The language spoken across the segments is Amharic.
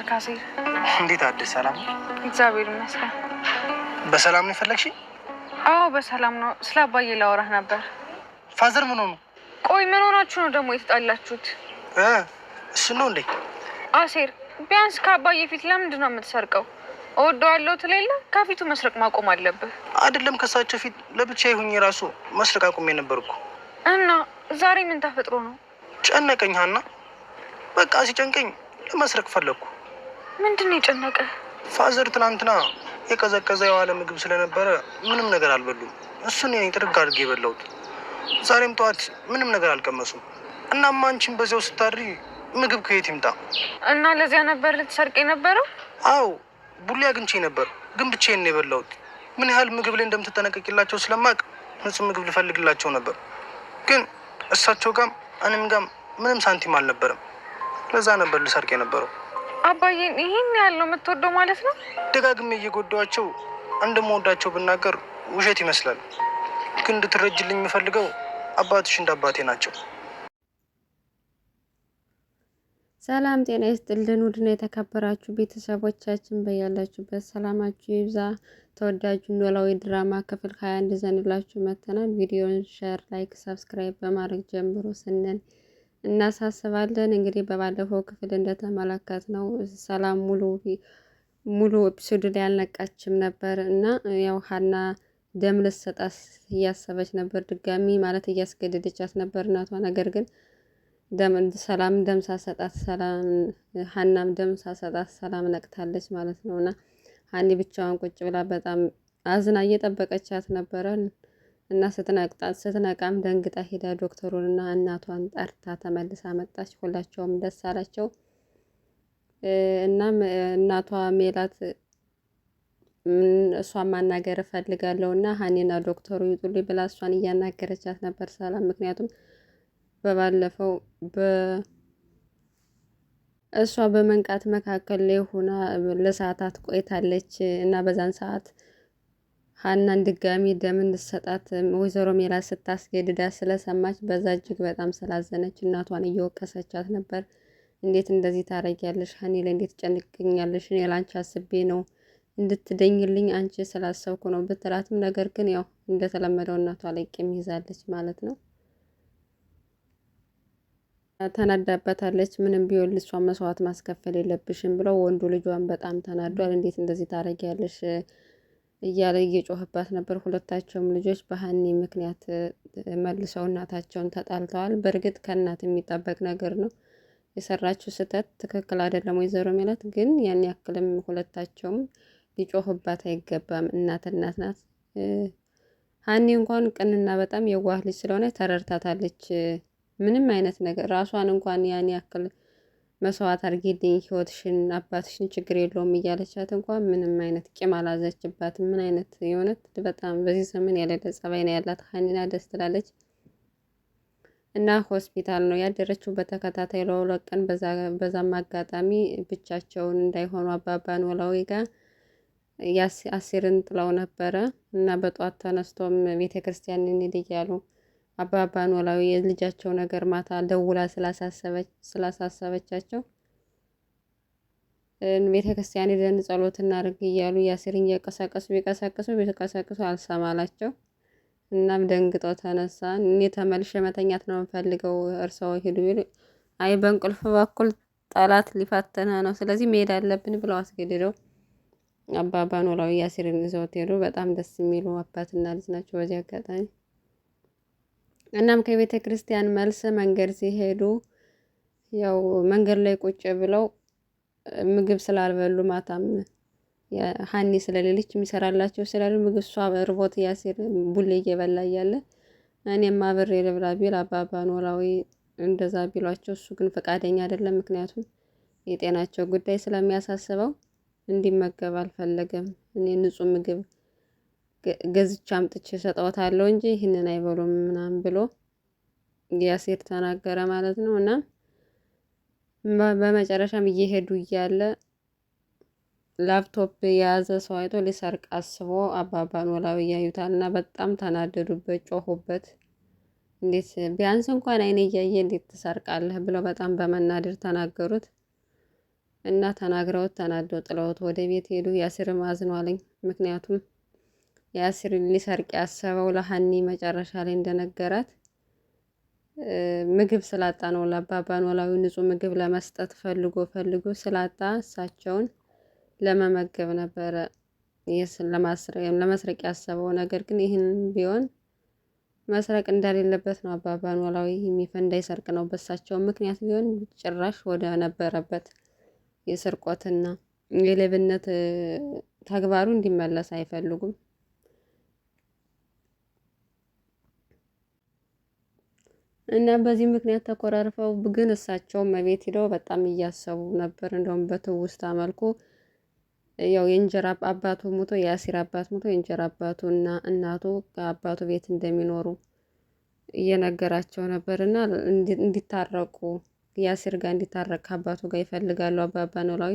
ነበር ካሴር። እንዴት አዲስ ሰላም? እግዚአብሔር ይመስገን። በሰላም ነው የፈለግሽ? አዎ በሰላም ነው። ስለ አባዬ ላወራህ ነበር። ፋዘር ምን ሆኑ? ቆይ ምን ሆናችሁ ነው ደግሞ የተጣላችሁት? እሱ ነው እንዴ? አሴር ቢያንስ ከአባዬ ፊት ለምንድን ነው የምትሰርቀው? እወደዋለሁ ትሌለ ከፊቱ መስረቅ ማቆም አለብህ። አይደለም ከሳቸው ፊት ለብቻ ይሁኝ ራሱ መስረቅ አቁሜ ነበር እኮ። እና ዛሬ ምን ተፈጥሮ ነው? ጨነቀኝ ሀና። በቃ ሲጨንቀኝ ለመስረቅ ፈለግኩ። ምንድን ነው የጨነቀ? ፋዘር ትናንትና የቀዘቀዘ የዋለ ምግብ ስለነበረ ምንም ነገር አልበሉም። እሱን እኔ ጥርግ አድርጌ የበላሁት። ዛሬም ጠዋት ምንም ነገር አልቀመሱም። እናም አንቺን በዚያው ስታድሪ ምግብ ከየት ይምጣ? እና ለዚያ ነበር ልትሰርቅ የነበረው? አዎ ቡሌ አግኝቼ ነበር፣ ግን ብቻዬን ነው የበላሁት። ምን ያህል ምግብ ላይ እንደምትጠነቀቂላቸው ስለማቅ ንጹህ ምግብ ልፈልግላቸው ነበር፣ ግን እሳቸው ጋም እኔም ጋም ምንም ሳንቲም አልነበረም። ለዛ ነበር ልሰርቅ የነበረው። አባዬን ይህን ያለው የምትወደው ማለት ነው? ደጋግሜ እየጎዳዋቸው እንደምወዳቸው ብናገር ውሸት ይመስላል። ግን እንድትረጅልኝ የምፈልገው አባትሽ እንደ አባቴ ናቸው። ሰላም ጤና ይስጥልን። ውድና የተከበራችሁ ቤተሰቦቻችን በያላችሁበት ሰላማችሁ ይብዛ። ተወዳጁ ኖላዊ ድራማ ክፍል 21 ይዘንላችሁ መተናል። ቪዲዮን ሸር፣ ላይክ፣ ሰብስክራይብ በማድረግ ጀምሮ ስንል እናሳስባለን። እንግዲህ በባለፈው ክፍል እንደተመለከት ነው ሰላም ሙሉ ሙሉ ኤፒሶድ ላይ አልነቃችም ነበር እና ያው ሀና ደም ልትሰጣት እያሰበች ነበር ድጋሚ ማለት እያስገደደቻት ነበር እናቷ። ነገር ግን ሰላም ደም ሳሰጣት ሰላም ሀናም ደም ሳሰጣት ሰላም ነቅታለች ማለት ነው እና ሀኒ ብቻዋን ቁጭ ብላ በጣም አዝና እየጠበቀቻት ነበረ። እና ስትነቃም ደንግጣ ሄዳ ዶክተሩንና እናቷን ጠርታ ተመልሳ መጣች። ሁላቸውም ደስ አላቸው። እናም እናቷ ሜላት እሷን ማናገር እፈልጋለሁ እና ሀኔና ዶክተሩ ይጡልኝ ብላ እሷን እያናገረቻት ነበር ሰላም። ምክንያቱም በባለፈው እሷ በመንቃት መካከል ላይ ሆና ለሰዓታት ቆይታለች እና በዛን ሰዓት ሀናን ድጋሚ ደም እንድትሰጣት ወይዘሮ ሜላት ስታስገድዳ ስለሰማች በዛ እጅግ በጣም ስላዘነች እናቷን እየወቀሰቻት ነበር። እንዴት እንደዚህ ታረጊያለሽ? ሀኒ ላይ እንዴት ጨንቅኛለሽ? እኔ ላንቺ አስቤ ነው እንድትደኝልኝ አንቺ ስላሰብኩ ነው ብትላትም፣ ነገር ግን ያው እንደተለመደው እናቷ ላይ ቂም ይዛለች ማለት ነው። ተናዳባታለች። ምንም ቢሆን ልሷ መስዋዕት ማስከፈል የለብሽም ብለው ወንዱ ልጇን በጣም ተናዷል። እንዴት እንደዚህ ታረጊያለሽ እያለ እየጮህባት ነበር። ሁለታቸውም ልጆች በሀኒ ምክንያት መልሰው እናታቸውን ተጣልተዋል። በእርግጥ ከእናት የሚጠበቅ ነገር ነው። የሰራችው ስህተት ትክክል አይደለም። ወይዘሮ ሜላት ግን ያን ያክልም ሁለታቸውም ሊጮህባት አይገባም። እናት እናት ናት። ሀኒ እንኳን ቅንና በጣም የዋህ ልጅ ስለሆነ ተረድታታለች። ምንም አይነት ነገር ራሷን እንኳን ያን ያክል መስዋዕት አድርጌልኝ ህይወትሽን አባትሽን ችግር የለውም እያለቻት እንኳን ምንም አይነት ቂም አላዘችባት። ምን አይነት የሆነት በጣም በዚህ ዘመን ያለለ ጸባይ ነው ያላት ሀኒና ደስ ትላለች። እና ሆስፒታል ነው ያደረችው በተከታታይ ለሁለት ቀን። በዛም አጋጣሚ ብቻቸውን እንዳይሆኑ አባባን ኖላዊ ጋር አሲርን ጥለው ነበረ እና በጧት ተነስቶም ቤተ ክርስቲያን እንሂድ እያሉ አባባ ኖላዊ የልጃቸው ነገር ማታ ደውላ ስላሳሰበቻቸው ቤተ ክርስቲያን ሄደን ጸሎት እናድርግ እያሉ ያሲርን እየቀሳቀሱ ቢቀሳቀሱ ቢቀሳቀሱ አልሰማላቸው። እናም ደንግጦ ተነሳ። እኔ ተመልሼ መተኛት ነው የምፈልገው እርሰው ሂዱ ቢሉ አይ በእንቅልፍ በኩል ጠላት ሊፋተና ነው፣ ስለዚህ መሄድ አለብን ብለው አስገድደው አባባ ኖላዊ ያሲርን ይዘውት ሄዱ። በጣም ደስ የሚሉ አባትና ልጅ ናቸው በዚህ አጋጣሚ እናም ከቤተ ክርስቲያን መልስ መንገድ ሲሄዱ ያው መንገድ ላይ ቁጭ ብለው ምግብ ስላልበሉ ማታም ሀኒ ስለሌለች የሚሰራላቸው ስላሉ ምግብ እሷ ርቦት ያሴር ቡሌ እየበላ እያለ እኔም አብሬ ልብላ ቢል አባባ ኖላዊ እንደዛ ቢሏቸው እሱ ግን ፈቃደኛ አይደለም። ምክንያቱም የጤናቸው ጉዳይ ስለሚያሳስበው እንዲመገብ አልፈለገም። እኔ ንጹህ ምግብ ገዝቼ አምጥቼ ሰጠውታለሁ እንጂ ይህንን አይበሉም ምናምን ብሎ ያሴር ተናገረ ማለት ነው። እና በመጨረሻም እየሄዱ እያለ ላፕቶፕ የያዘ ሰው አይቶ ሊሰርቅ አስቦ አባባ ኖላዊ እያዩታል እና በጣም ተናደዱበት፣ ጮሁበት። እንዴት ቢያንስ እንኳን አይኔ እያየ እንዴት ትሰርቃለህ ብለው በጣም በመናደድ ተናገሩት እና ተናግረውት ተናደው ጥለውት ወደ ቤት ሄዱ። ያሲርም አዝኗለኝ ምክንያቱም የአሲር ሊሰርቅ ያሰበው ለሀኒ መጨረሻ ላይ እንደነገራት ምግብ ስላጣ ነው። ለአባባ ኖላዊ ንጹህ ምግብ ለመስጠት ፈልጎ ፈልጎ ስላጣ እሳቸውን ለመመገብ ነበረ ለመስረቅ ያሰበው። ነገር ግን ይህን ቢሆን መስረቅ እንደሌለበት ነው አባባ ኖላዊ የሚፈ እንዳይሰርቅ ነው በሳቸው ምክንያት ቢሆን ጭራሽ ወደ ነበረበት የስርቆትና የሌብነት ተግባሩ እንዲመለስ አይፈልጉም። እና በዚህ ምክንያት ተኮራርፈው ግን እሳቸው መቤት ሂደው በጣም እያሰቡ ነበር። እንደውም በትውስታ መልኩ ያው የእንጀራ አባቱ ሙቶ የአሲር አባት ሙቶ የእንጀራ አባቱ እና እናቱ አባቱ ቤት እንደሚኖሩ እየነገራቸው ነበር እና እንዲታረቁ የአሲር ጋር እንዲታረቅ ከአባቱ ጋር ይፈልጋሉ አባባ ኖላዊ።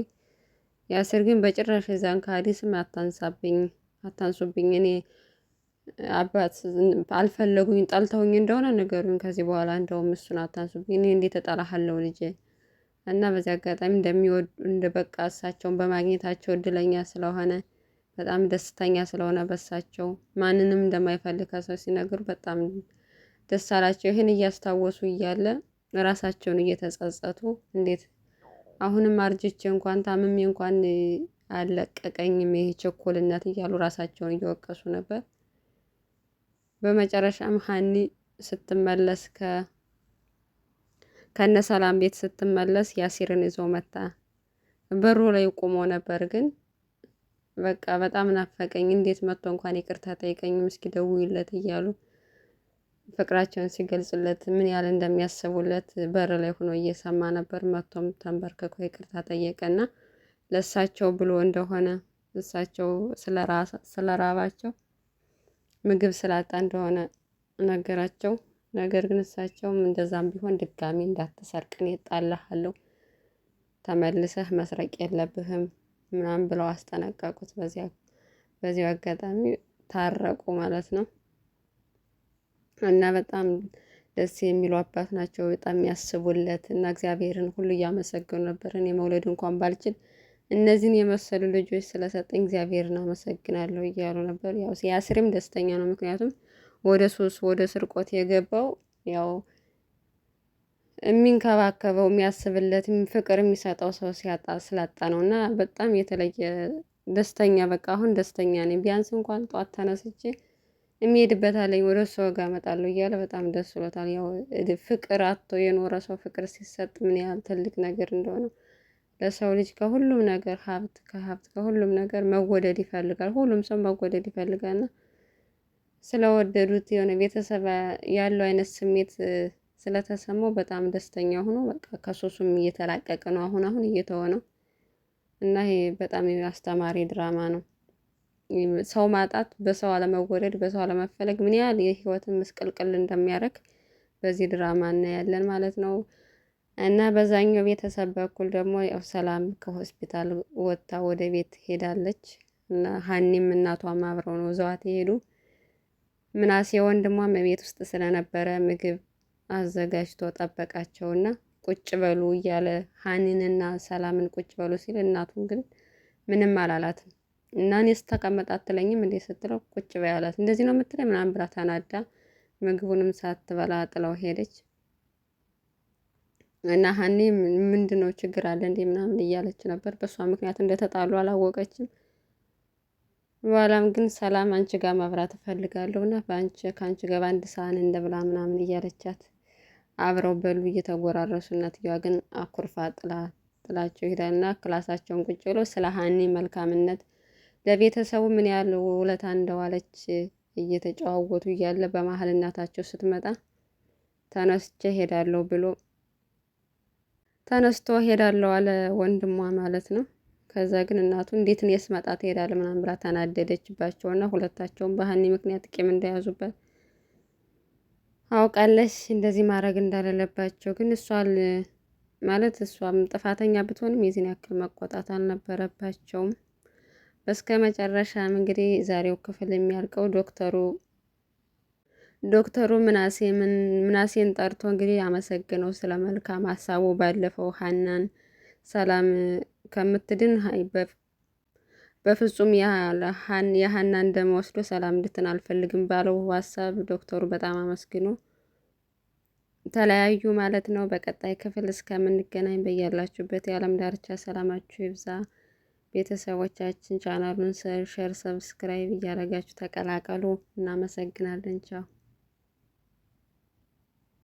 የአሲር ግን በጭራሽ ዛን ከሀዲስም አታንሳብኝ፣ አታንሱብኝ እኔ አባት አልፈለጉኝ ጠልተውኝ እንደሆነ ነገሩኝ። ከዚህ በኋላ እንደውም እሱን አታንሱብኝ፣ እኔ እንዴት እጠላሃለሁ ልጄ እና በዚህ አጋጣሚ እንደሚወዱ እንደ በቃ እሳቸውን በማግኘታቸው እድለኛ ስለሆነ በጣም ደስተኛ ስለሆነ በሳቸው ማንንም እንደማይፈልግ ከሰው ሲነግሩ በጣም ደስ አላቸው። ይህን እያስታወሱ እያለ ራሳቸውን እየተጸጸቱ እንዴት አሁንም አርጅቼ እንኳን ታምሜ እንኳን አለቀቀኝም ይሄ ችኩልነት እያሉ ራሳቸውን እየወቀሱ ነበር። በመጨረሻም ሀኒ ስትመለስ ከነ ሰላም ቤት ስትመለስ ያሲርን ይዞ መጣ። በሩ ላይ ቆሞ ነበር፣ ግን በቃ በጣም ናፈቀኝ፣ እንዴት መጥቶ እንኳን ይቅርታ ጠይቀኝም እስኪ ደውይለት እያሉ ፍቅራቸውን ሲገልጹለት ምን ያህል እንደሚያስቡለት በር ላይ ሆኖ እየሰማ ነበር። መጥቶም ተንበርክኮ ይቅርታ ጠየቀና ለእሳቸው ብሎ እንደሆነ እሳቸው ስለራባቸው ምግብ ስላጣ እንደሆነ ነገራቸው። ነገር ግን እሳቸውም እንደዛም ቢሆን ድጋሚ እንዳትሰርቅን እኔ ተመልሰህ መስረቅ የለብህም ምናምን ብለው አስጠነቀቁት። በዚያው አጋጣሚ ታረቁ ማለት ነው። እና በጣም ደስ የሚሉ አባት ናቸው። በጣም ያስቡለት እና እግዚአብሔርን ሁሉ እያመሰገኑ ነበር። እኔ መውለድ እንኳን ባልችል እነዚህን የመሰሉ ልጆች ስለሰጠኝ እግዚአብሔርን አመሰግናለሁ እያሉ ነበር። ያው ያስሬም ደስተኛ ነው። ምክንያቱም ወደ ሱስ ወደ ስርቆት የገባው ያው የሚንከባከበው የሚያስብለት ፍቅር የሚሰጠው ሰው ሲያጣ ስላጣ ነው እና በጣም የተለየ ደስተኛ በቃ አሁን ደስተኛ ነኝ። ቢያንስ እንኳን ጧት ተነስቼ የሚሄድበት አለኝ ወደ እሱ ጋር እመጣለሁ እያለ በጣም ደስ ብሎታል። ያው ፍቅር አቶ የኖረ ሰው ፍቅር ሲሰጥ ምን ያህል ትልቅ ነገር እንደሆነ ለሰው ልጅ ከሁሉም ነገር ሀብት ከሀብት ከሁሉም ነገር መወደድ ይፈልጋል። ሁሉም ሰው መወደድ ይፈልጋልና ስለወደዱት የሆነ ቤተሰብ ያለው አይነት ስሜት ስለተሰማው በጣም ደስተኛ ሆኖ በቃ ከሶሱም እየተላቀቀ ነው። አሁን አሁን እየተወ ነው እና ይሄ በጣም አስተማሪ ድራማ ነው። ሰው ማጣት፣ በሰው አለመወደድ፣ በሰው አለመፈለግ ምን ያህል የህይወትን ምስቅልቅል እንደሚያደርግ በዚህ ድራማ እናያለን ማለት ነው። እና በዛኛው ቤተሰብ በኩል ደግሞ ያው ሰላም ከሆስፒታል ወጥታ ወደ ቤት ሄዳለች እና ሀኒም እናቷም አብረው ነው ዘዋት የሄዱ። ምናሴ ወንድሟም ቤት ውስጥ ስለነበረ ምግብ አዘጋጅቶ ጠበቃቸው እና ቁጭ በሉ እያለ ሀኒንና ሰላምን ቁጭ በሉ ሲል እናቱን ግን ምንም አላላትም። እና እኔ ስተቀመጥ አትለኝም እንዴ ስትለው ቁጭ በይ አላት። እንደዚህ ነው የምትለኝ ምናምን ብላ ተናዳ ምግቡንም ሳትበላ ጥለው ሄደች። እና ሀኔ ምንድን ነው ችግር አለ እንዴ ምናምን እያለች ነበር። በእሷ ምክንያት እንደተጣሉ አላወቀችም። በኋላም ግን ሰላም አንቺ ጋር ማብራት እፈልጋለሁ እና በአንቺ ከአንቺ ጋር በአንድ ሰሀን እንደብላ ምናምን እያለቻት አብረው በሉ እየተጎራረሱ፣ እናትየዋ ግን አኩርፋ ጥላ ጥላቸው ይሄዳል እና ክላሳቸውን ቁጭ ብለው ስለ ሀኒ መልካምነት ለቤተሰቡ ምን ያህል ውለታ እንደዋለች እየተጨዋወቱ እያለ በመሀል እናታቸው ስትመጣ ተነስቼ ሄዳለሁ ብሎ ተነስቶ ሄዳለው አለ ወንድሟ ማለት ነው። ከዛ ግን እናቱ እንዴት እኔ ስመጣ ትሄዳለህ ምናምን ብላ ተናደደችባቸውና ሁለታቸውም በሀኒ ምክንያት ቂም እንደያዙበት አውቃለች። እንደዚህ ማድረግ እንዳለለባቸው ግን እሷል ማለት እሷም ጥፋተኛ ብትሆንም የዚህን ያክል መቆጣት አልነበረባቸውም። በስከ መጨረሻም እንግዲህ ዛሬው ክፍል የሚያልቀው ዶክተሩ ዶክተሩ ምናሴን ጠርቶ እንግዲህ አመሰግነው ስለ መልካም ሀሳቡ ባለፈው ሀናን ሰላም ከምትድን በፍጹም የሀና እንደመወስዶ ሰላም እንድትን አልፈልግም ባለው ሀሳብ ዶክተሩ በጣም አመስግኖ ተለያዩ ማለት ነው። በቀጣይ ክፍል እስከምንገናኝ በያላችሁበት የዓለም ዳርቻ ሰላማችሁ ይብዛ። ቤተሰቦቻችን ቻናሉን ሸር፣ ሰብስክራይብ እያደረጋችሁ ተቀላቀሉ። እናመሰግናለን። ቻው